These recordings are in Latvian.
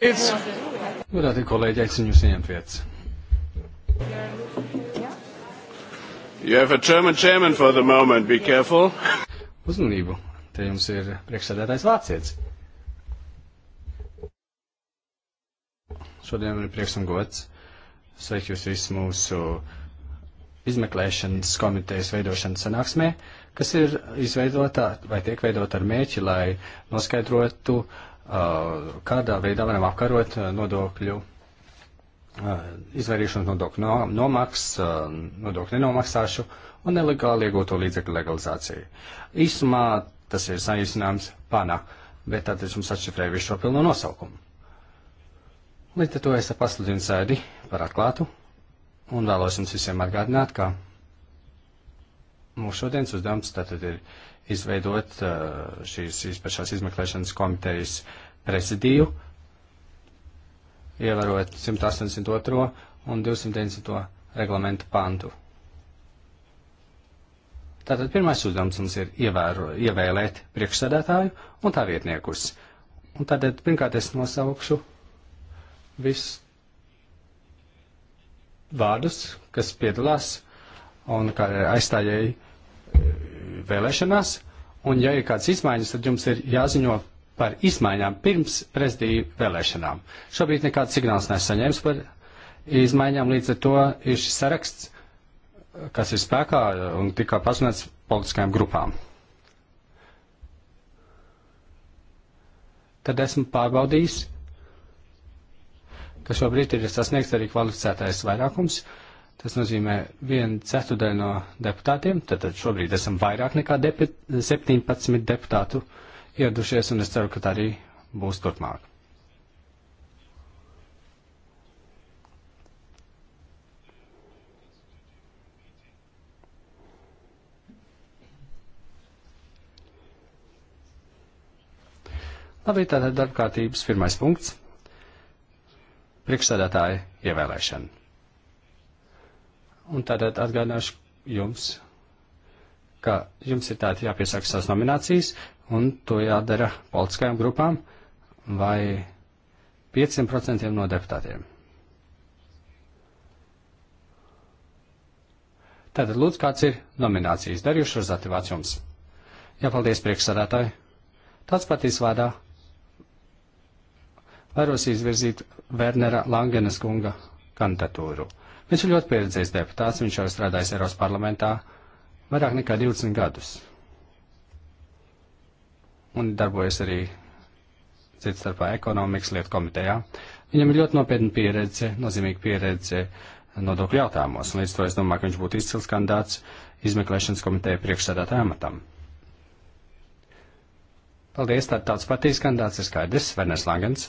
It's... Godātie kolēģi, aicinu jūs ieņemt vietas. You have a German chairman for the moment, be careful. Uzmanību, te jums ir priekšsēdētājs vācietis. Šodien man ir prieks un gods sveikt jūs visus mūsu izmeklēšanas komitejas veidošanas sanāksmē, kas ir izveidota vai tiek veidota ar mēķi, lai noskaidrotu uh, Uh, kādā veidā varam apkarot uh, nodokļu uh, izvairīšanos nodokļu nomaks, nodokļu nenomaksāšu un nelegāli iegūto līdzekļu legalizāciju. Īsumā tas ir saīsinājums pana, bet tad es jums atšifrēju visu šo pilno nosaukumu. Līdz ar to es pasludinu sēdi par atklātu un vēlos jums visiem atgādināt, ka mūsu šodienas uzdevums tātad ir izveidot šīs īpašās izmeklēšanas komitejas uh, prezidiju, ievarot 182. un 290. reglamentu pantu. Tātad pirmais uzdevums mums ir ievēro, ievēlēt priekšsēdētāju un tā vietniekus. Un tātad pirmkārt es nosaukšu visus vārdus, kas piedalās un kā aizstājēji e, vēlēšanās. Un ja ir kāds izmaiņas, tad jums ir jāziņo par izmaiņām pirms prezidiju vēlēšanām. Šobrīd nekāds signāls nesaņēmis par izmaiņām, līdz ar to ir šis saraksts, kas ir spēkā un tikā paziņots politiskajām grupām. Tad esmu pārbaudījis, ka šobrīd ir sasniegts arī kvalificētais vairākums. Tas nozīmē vienu ceturtdaļu no deputātiem, tad šobrīd esam vairāk nekā depi, 17 deputātu. Uh, ieradušies, un es ceru, ka tā arī būs turpmāk. Labi, tātad darbkārtības pirmais punkts - priekšsēdētāja ievēlēšana. Un tātad atgādināšu jums, ka jums ir tātad jāpiesaka savas nominācijas, un to jādara politiskajām grupām vai 5% no deputātiem. Tātad lūdzu, kāds ir nominācijas darījuši rezultātīvāts jums? Jāpaldies priekšsādātāji. Tāds patīs vārdā vēros izvirzīt Wernera Langenes kunga kandidatūru. Viņš ir ļoti pieredzējis deputāts, viņš jau ir strādājis Eiropas parlamentā vairāk nekā 20 gadus un darbojas arī cits starpā ekonomikas lietu komitejā. Viņam ir ļoti nopietna pieredze, nozīmīga pieredze nodokļu jautājumos, un līdz to es domāju, ka viņš būtu izcils kandidāts izmeklēšanas komiteja priekšsēdētāja amatam. Paldies, tā tāds patīs kandidāts ir skaidrs, Verners Langens.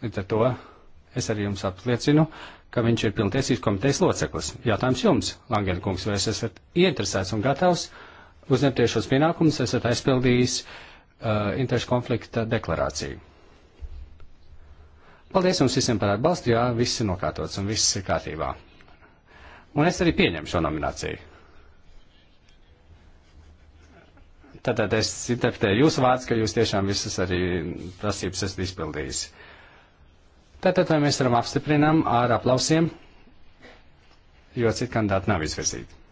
Līdz ar to es arī jums apliecinu, ka viņš ir pilntiesības komitejas loceklis. Jautājums jums, Langēna kungs, vai es esat ieinteresēts un gatavs uzņemties šos pienākumus, esat aizpildījis uh, Uh, interešu konflikta deklarāciju. Paldies jums visiem par atbalstu, jā, viss ir nokārtots un viss ir kārtībā. Un es arī pieņemu šo nomināciju. Tātad es interpretēju jūsu vārdus, ka jūs tiešām visas arī prasības esat izpildījis. Tātad vai mēs varam apstiprinām ar aplausiem, jo citu kandidātu nav izvirzīti.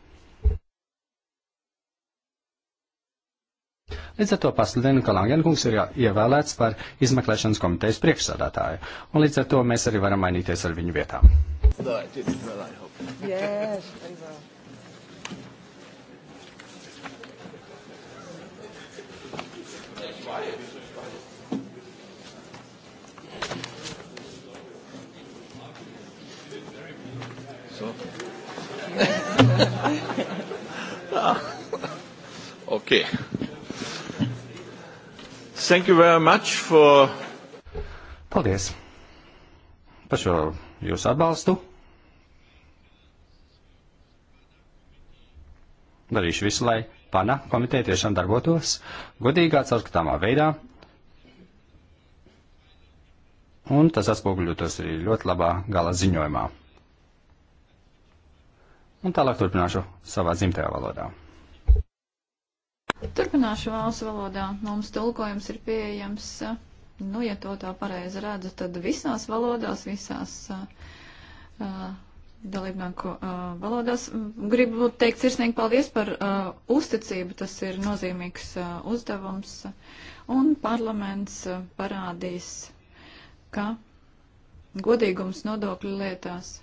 Līdz ar to pasludinu, ka Langenkungs ir ievēlēts par izmeklēšanas komitejas priekšsādātāju, un līdz ar to mēs arī varam mainīties ar viņu vietām. No, well, yes, well. okay. Thank you very much for. Paldies par šo jūsu atbalstu. Darīšu visu, lai pana komiteja tiešām darbotos godīgā, caurskatāmā veidā. Un tas atspoguļotos arī ļoti labā gala ziņojumā. Un tālāk turpināšu savā dzimtajā valodā. Turpināšu vācu valodā. Mums tulkojums ir pieejams, nu, ja to tā pareizi redzu, tad visās valodās, visās uh, uh, dalībnieku uh, valodās. Gribu teikt sirsnīgi paldies par uh, uzticību, tas ir nozīmīgs uh, uzdevums, un parlaments uh, parādīs, ka godīgums nodokļu lietās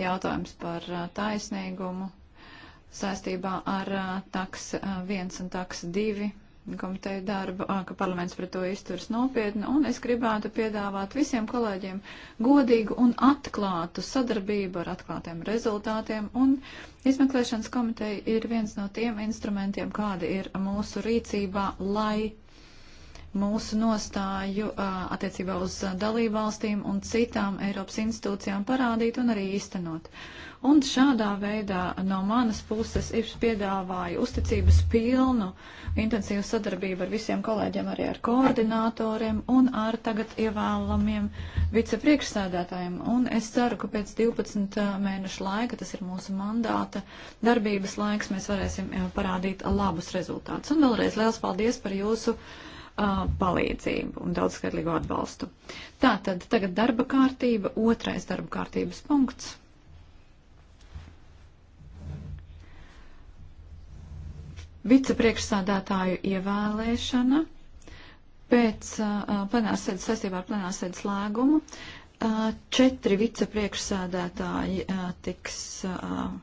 jautājums par uh, taisnīgumu saistībā ar taks 1 un taks 2 komiteju darbu, ka parlaments pret to izturs nopietni, un es gribētu piedāvāt visiem kolēģiem godīgu un atklātu sadarbību ar atklātiem rezultātiem, un izmeklēšanas komiteja ir viens no tiem instrumentiem, kādi ir mūsu rīcībā, lai mūsu nostāju attiecībā uz dalību valstīm un citām Eiropas institūcijām parādīt un arī īstenot. Un šādā veidā no manas puses IPS piedāvāja uzticības pilnu intensīvu sadarbību ar visiem kolēģiem, arī ar koordinatoriem un ar tagad ievēlamiem vicepriekšsēdētājiem. Un es ceru, ka pēc 12 mēnešu laika, tas ir mūsu mandāta darbības laiks, mēs varēsim parādīt labus rezultātus. Un vēlreiz liels paldies par jūsu uh, palīdzību un daudzskatlīgu atbalstu. Tātad tagad darba kārtība, otrais darba kārtības punkts. Vicepriekšsādātāju ievēlēšana pēc uh, plenārsēdes saistībā ar plenārsēdes lēgumu. Uh, četri vicepriekšsādātāji uh, tiks uh,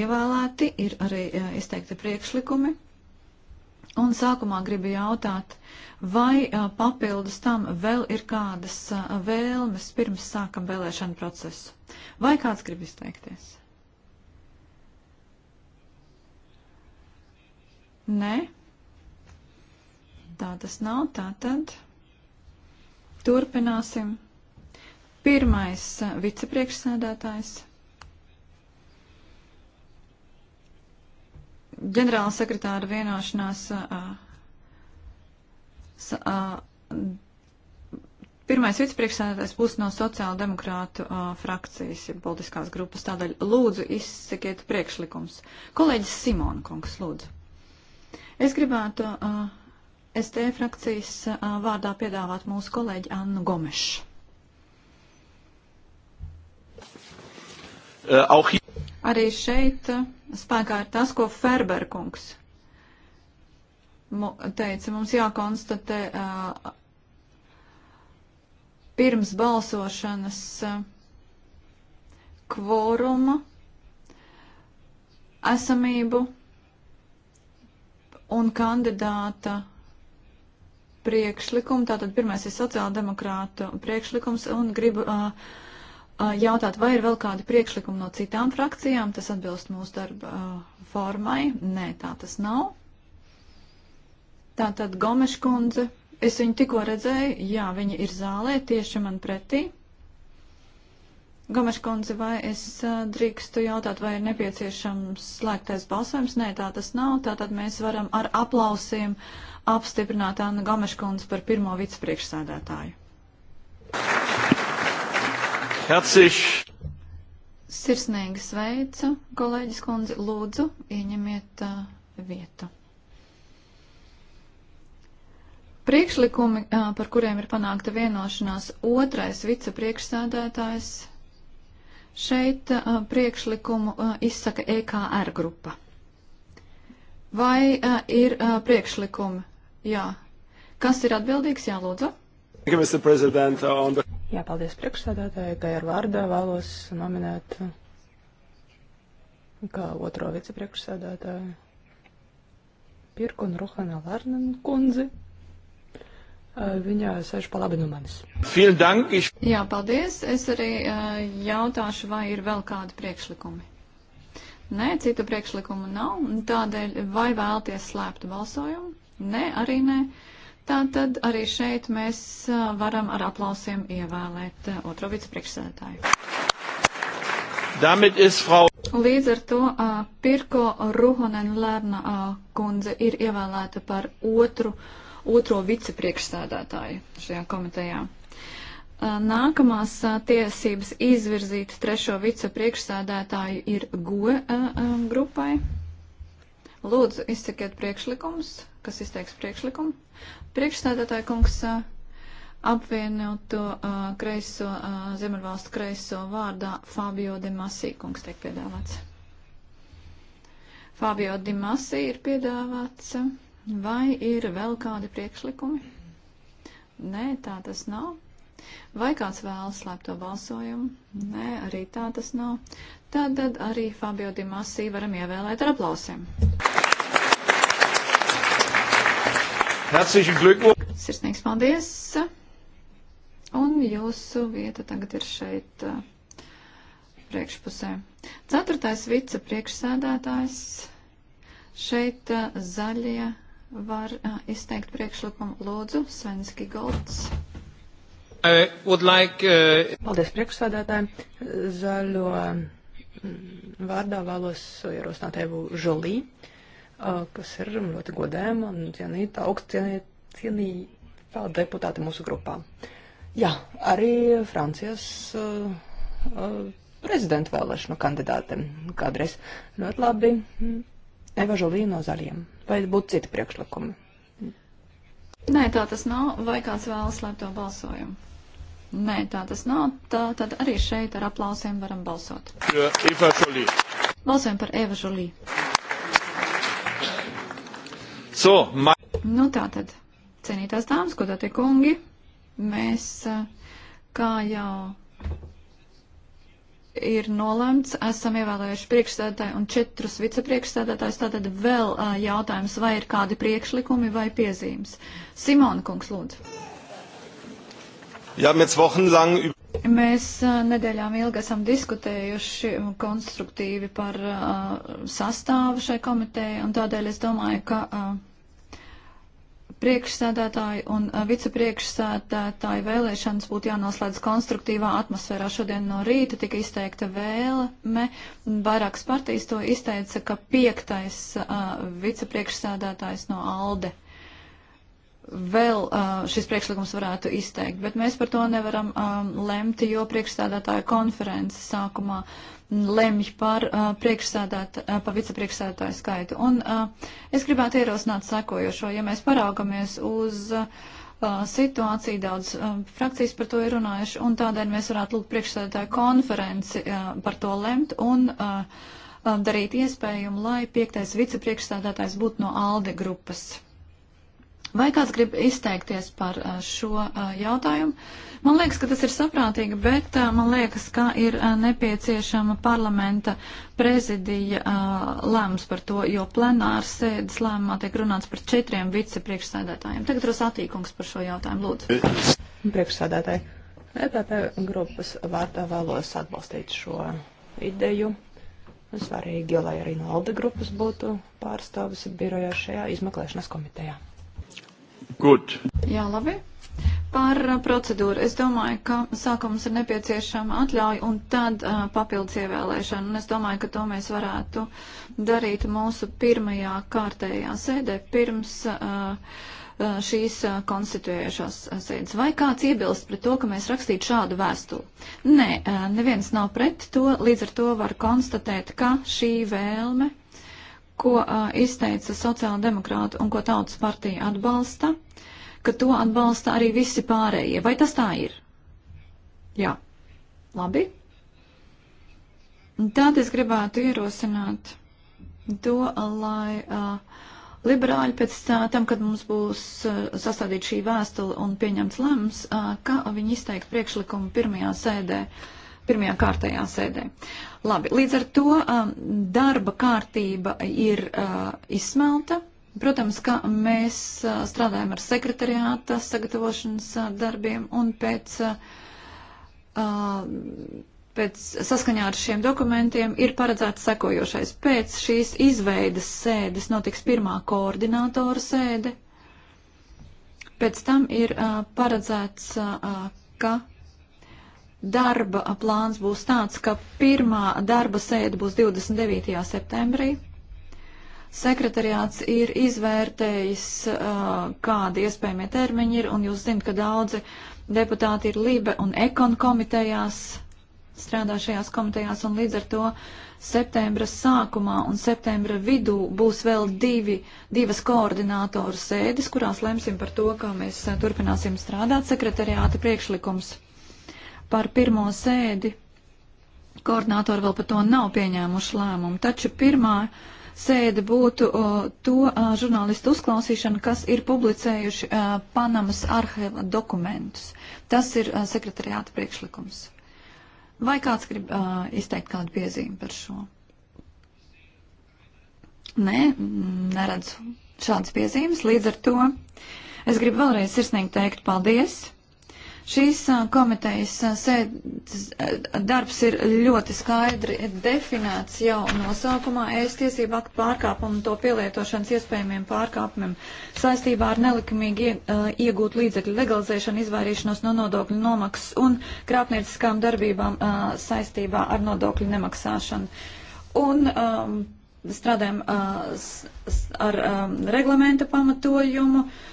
ievēlēti, ir arī uh, izteikti priekšlikumi. Un sākumā gribu jautāt, vai a, papildus tam vēl ir kādas a, vēlmes pirms sākam vēlēšanu procesu? Vai kāds grib izteikties? Nē? Tā tas nav. Tā tad turpināsim. Pirmais vicepriekšsēdētājs. ģenerāla sekretāra vienošanās uh, uh, pirmais vicepriekšsēdētājs būs no sociāla demokrātu uh, frakcijas, ja politiskās grupas. Tādēļ lūdzu izsakiet priekšlikums. Kolēģis Simona kungs, lūdzu. Es gribētu uh, ST frakcijas uh, vārdā piedāvāt mūsu kolēģi Annu Gomešu. Uh, Arī šeit. Uh, spēkā ir tas, ko Ferberkungs teica. Mums jākonstatē uh, pirms balsošanas uh, kvoruma esamību un kandidāta priekšlikumu. Tātad pirmais ir sociāldemokrātu priekšlikums un gribu uh, jautāt, vai ir vēl kādi priekšlikumi no citām frakcijām, tas atbilst mūsu darba formai. Nē, tā tas nav. Tātad Gomeša kundze, es viņu tikko redzēju, jā, viņa ir zālē tieši man pretī. Gomeša kundze, vai es drīkstu jautāt, vai ir nepieciešams slēgtais balsojums? Nē, tā tas nav. Tātad mēs varam ar aplausiem apstiprināt Annu Gomeša kundzi par pirmo vicepriekšsēdētāju. Thank you. Herzlich. Sirsnīgi sveicu, kolēģis kundze, lūdzu, ieņemiet uh, vietu. Priekšlikumi, uh, par kuriem ir panākta vienošanās, otrais vicepriekšsēdētājs šeit uh, priekšlikumu uh, izsaka EKR grupa. Vai uh, ir uh, priekšlikumi? Jā. Kas ir atbildīgs? Jā, lūdzu. You, uh, the... Jā, paldies priekšsādātāji, ka ar vārdā vēlos nominēt kā otro vicepriekšsādātāju Pirku un Ruhana Lārnan kundzi. Viņa sēž pa labi no manis. Jā, paldies. Es arī jautāšu, vai ir vēl kādi priekšlikumi. Nē, citu priekšlikumu nav. Tādēļ vai vēlties slēpt balsojumu? Nē, arī nē. Uh, Tātad arī šeit mēs varam ar aplausiem ievēlēt otro vicepriekšsēdētāju. Frau... Līdz ar to Pirko Ruhonen Lērna kundze ir ievēlēta par otru, otro vicepriekšsēdētāju šajā komitejā. Nākamās tiesības izvirzīt trešo vicepriekšsēdētāju ir GOE grupai. Lūdzu, izsakiet priekšlikumus, kas izteiks priekšlikumu. Priekšstādātāja kungs apvienoto kreiso, Ziemeļvalstu kreiso vārdā Fabio de Masī kungs tiek piedāvāts. Fabio de Masī ir piedāvāts. Vai ir vēl kādi priekšlikumi? Nē, tā tas nav. Vai kāds vēlas slēpt to balsojumu? Nē, arī tā tas nav tad, tad arī Fabio Dimasī varam ievēlēt ar aplausiem. Sirsnīgs paldies! Un jūsu vieta tagad ir šeit uh, priekšpusē. Ceturtais vice priekšsēdētājs. Šeit uh, zaļie var uh, izteikt priekšlikumu. Lūdzu, Svenski Golds. Like, uh... Paldies priekšsēdētājiem. Zaļo. Uh vārdā vēlos ierosināt Evu Žolī, kas ir ļoti godēma un cienīta, augstcienīta cienīta deputāta mūsu grupā. Jā, arī Francijas prezidenta vēlēšanu kandidāte kādreiz. Ļoti labi. Eva Žolī no zaļiem. Vai būtu citi priekšlikumi? Nē, tā tas nav. Vai kāds vēlas, lai to balsojumu? Nē, tā tas nav. Tā, tad arī šeit ar aplausiem varam balsot. Balsojam par Eva Žulī. So, ma... Nu tā tad, cienītās dāmas, ko tātie kungi, mēs, eh, kā jau ir nolēmts, esam ievēlējuši priekšstādātāju un četrus vicepriekšstādātājus, tātad vēl eh, jautājums, vai ir kādi priekšlikumi vai piezīmes. Simona kungs, lūdzu. Ja, wochenlang... Mēs nedēļām ilgi esam diskutējuši konstruktīvi par uh, sastāvu šai komitejai, un tādēļ es domāju, ka uh, priekšsēdētāji un uh, vicepriekšsēdētāji vēlēšanas būtu jānoslēdz konstruktīvā atmosfērā. Šodien no rīta tika izteikta vēlme, vairākas partijas to izteica, ka piektais uh, vicepriekšsēdētājs no ALDE uh, vēl uh, šis priekšlikums varētu izteikt, bet mēs par to nevaram um, lemt, jo priekšsēdētāja konferences sākumā lemj par, uh, priekšsēdēt, uh, par vicepriekšsēdētāju skaitu. Un uh, es gribētu ierosināt sekojošo, ja mēs paraugamies uz uh, situāciju, daudz uh, frakcijas par to ir runājuši, un tādēļ mēs varētu lūgt priekšsēdētāju konferenci uh, par to lemt. Un, uh, darīt iespējumu, lai piektais vicepriekšstādātājs būtu no ALDE grupas. Vai kāds grib izteikties par šo jautājumu? Man liekas, ka tas ir saprātīgi, bet man liekas, ka ir nepieciešama parlamenta prezidija lēmums par to, jo plenārs sēdes lēmumā tiek runāts par četriem vicepriekšsēdētājiem. Tagad Rosātīkungs par šo jautājumu lūdzu. Priekšsēdētāji, EPP grupas vārdā vēlos atbalstīt šo ideju. Svarīgi, lai arī no Alde grupas būtu pārstāvis birojā šajā izmeklēšanas komitejā. Good. Jā, labi. Par uh, procedūru. Es domāju, ka sākums ir nepieciešama atļauja un tad uh, papildus ievēlēšana. Un es domāju, ka to mēs varētu darīt mūsu pirmajā kārtējā sēdē pirms uh, uh šīs uh, konstituējušās uh, sēdes. Vai kāds iebilst pret to, ka mēs rakstītu šādu vēstuli? Nē, uh, neviens nav pret to, līdz ar to var konstatēt, ka šī vēlme ko uh, izteica sociāla demokrāta un ko tautas partija atbalsta, ka to atbalsta arī visi pārējie. Vai tas tā ir? Jā. Labi. Tad es gribētu ierosināt to, lai uh, liberāļi pēc tā, tam, kad mums būs uh, sastādīta šī vēstule un pieņemts lems, uh, ka viņi izteiks priekšlikumu pirmajā sēdē uh, pirmajā kārtajā sēdē. Labi, līdz ar to um, darba kārtība ir uh, izsmelta. Protams, ka mēs uh, strādājam ar sekretariāta sagatavošanas uh, darbiem un pēc. Uh, uh pēc saskaņā ar šiem dokumentiem ir paredzēts sekojošais. Pēc šīs izveidas sēdes notiks pirmā koordinātora sēde. Pēc tam ir uh, paredzēts, uh, uh ka Darba plāns būs tāds, ka pirmā darba sēde būs 29. septembrī. Sekretariāts ir izvērtējis, kādi iespējamie termiņi ir, un jūs zinat, ka daudzi deputāti ir Libe un Ekon komitejās, strādā šajās komitejās, un līdz ar to septembra sākumā un septembra vidū būs vēl divi, divas koordinātoru sēdes, kurās lemsim par to, kā mēs turpināsim strādāt sekretariāta priekšlikums par pirmo sēdi. Koordinātori vēl par to nav pieņēmuši lēmumu, taču pirmā sēde būtu o, to a, žurnālistu uzklausīšana, kas ir publicējuši a, Panamas arhīva dokumentus. Tas ir a, sekretariāta priekšlikums. Vai kāds grib a, izteikt kādu piezīmi par šo? Nē, neredzu šādas piezīmes. Līdz ar to es gribu vēlreiz sirsnīgi teikt paldies Šīs komitejas sēdes darbs ir ļoti skaidri definēts jau nosaukumā ēst tiesību aktu pārkāpumu un to pielietošanas iespējamiem pārkāpumiem saistībā ar nelikumīgi iegūt līdzekļu legalizēšanu, izvairīšanos no nodokļu nomaksas un krāpnieciskām darbībām saistībā ar nodokļu nemaksāšanu. Un, um, strādājam uh, ar um, reglamenta pamatojumu. Uh,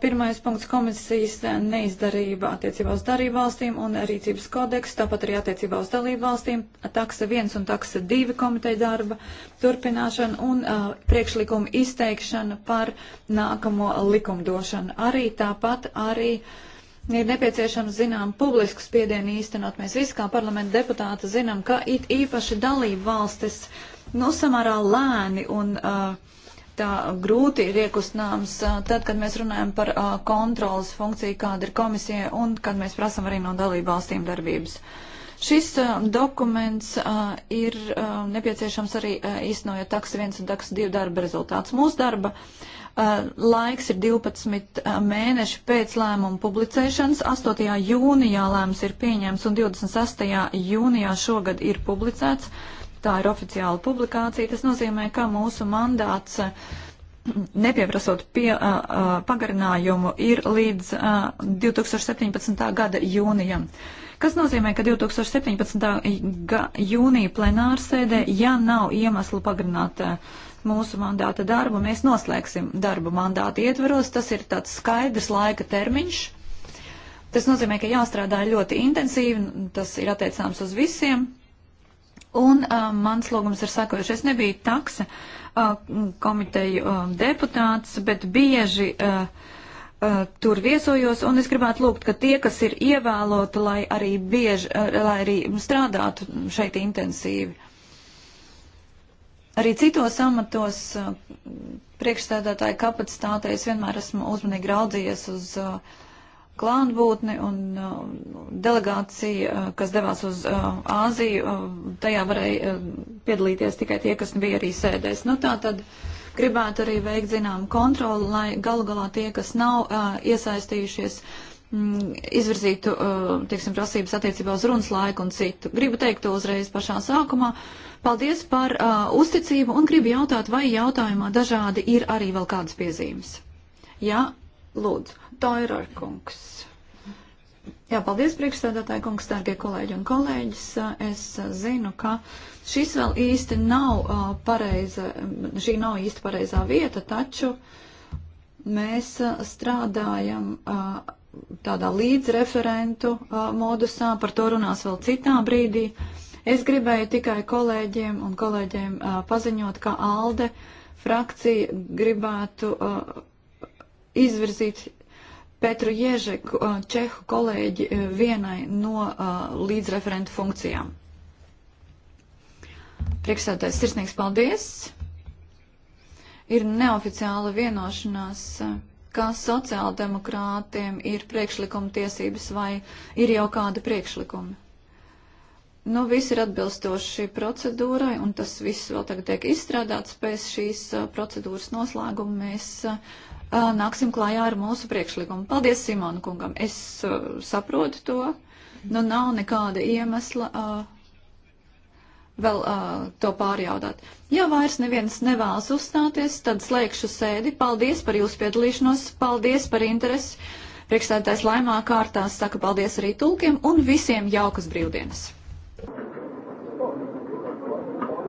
Pirmais punkts komisijas neizdarība attiecībā uz darību valstīm un rīcības kodeks, tāpat arī attiecībā uz dalību valstīm, taksa 1 un taksa 2 komiteja darba turpināšana un uh, priekšlikuma izteikšana par nākamo likumdošanu. Arī tāpat arī ir nepieciešams, zinām, publisku spiedienu īstenot. Mēs visi kā parlamenta deputāti zinām, ka it īpaši dalību valstis, nu, samārā lēni un. Uh, tā grūti ir iekustināms, tad, kad mēs runājam par kontrolas funkciju, kāda ir komisija, un kad mēs prasam arī no dalību valstīm darbības. Šis dokuments ir nepieciešams arī īstenojot taks 1 un taks 2 darba rezultāts. Mūsu darba laiks ir 12 mēneši pēc lēmuma publicēšanas. 8. jūnijā lēmums ir pieņemts un 26. jūnijā šogad ir publicēts. Tā ir oficiāla publikācija. Tas nozīmē, ka mūsu mandāts, eh, nepieprasot pie, uh, pagarinājumu, ir līdz uh, 2017. gada jūnijam. Kas nozīmē, ka 2017. jūnija plenārsēdē, ja nav iemeslu pagarināt uh, mūsu mandāta darbu, mēs noslēgsim darbu mandāta ietveros. Tas ir tāds skaidrs laika termiņš. Tas nozīmē, ka jāstrādā ļoti intensīvi, tas ir attiecāms uz visiem. Un uh, mans lūgums ir sakojuši, es nebiju taksa uh, komiteju uh, deputāts, bet bieži uh, uh, tur viesojos, un es gribētu lūgt, ka tie, kas ir ievēloti, lai arī bieži, uh, lai arī strādātu šeit intensīvi. Arī citos amatos uh, priekšstādātāju kapacitātei es vienmēr esmu uzmanīgi raudzījies uz uh, klātbūtni un uh, delegācija, uh, kas devās uz uh, Āziju, tajā varēja piedalīties tikai tie, kas bija arī sēdēs. Nu, tā tad gribētu arī veikt zinām kontroli, lai galu galā tie, kas nav iesaistījušies, mm, izvirzītu, tieksim, prasības attiecībā uz runas laiku un citu. Gribu teikt to uzreiz pašā sākumā. Paldies par uh, uzticību un gribu jautāt, vai jautājumā dažādi ir arī vēl kādas piezīmes. Jā, lūdzu. Toirer kungs. Jā, paldies, priekšstādātāji kungs, dārgie kolēģi un kolēģis. Es zinu, ka šis vēl īsti nav uh, pareiza, šī nav īsti pareizā vieta, taču mēs uh, strādājam uh, tādā līdzreferentu modusā, par to runās vēl citā brīdī. Es gribēju tikai kolēģiem un kolēģiem paziņot, ka ALDE frakcija gribētu izvirzīt Petru Ježeku, Čehu kolēģi, vienai no līdzreferentu funkcijām. Priekšsēdētājs sirsnīgs paldies. Ir neoficiāla vienošanās, kā sociāldemokrātiem ir priekšlikuma tiesības vai ir jau kādi priekšlikumi. Nu, viss ir atbilstoši procedūrai, un tas viss vēl tagad tiek izstrādāts. Pēc šīs procedūras noslēguma mēs Uh, nāksim klājā ar mūsu priekšlikumu. Paldies Simona kungam. Es uh, saprotu to. Nu, nav nekāda iemesla uh, vēl uh, to pārjaudāt. Ja vairs neviens nevēlas uzstāties, tad slēgšu sēdi. Paldies par jūsu piedalīšanos, paldies par interesi. Priekšstādātais laimā kārtā saka paldies arī tulkiem un visiem jaukas brīvdienas.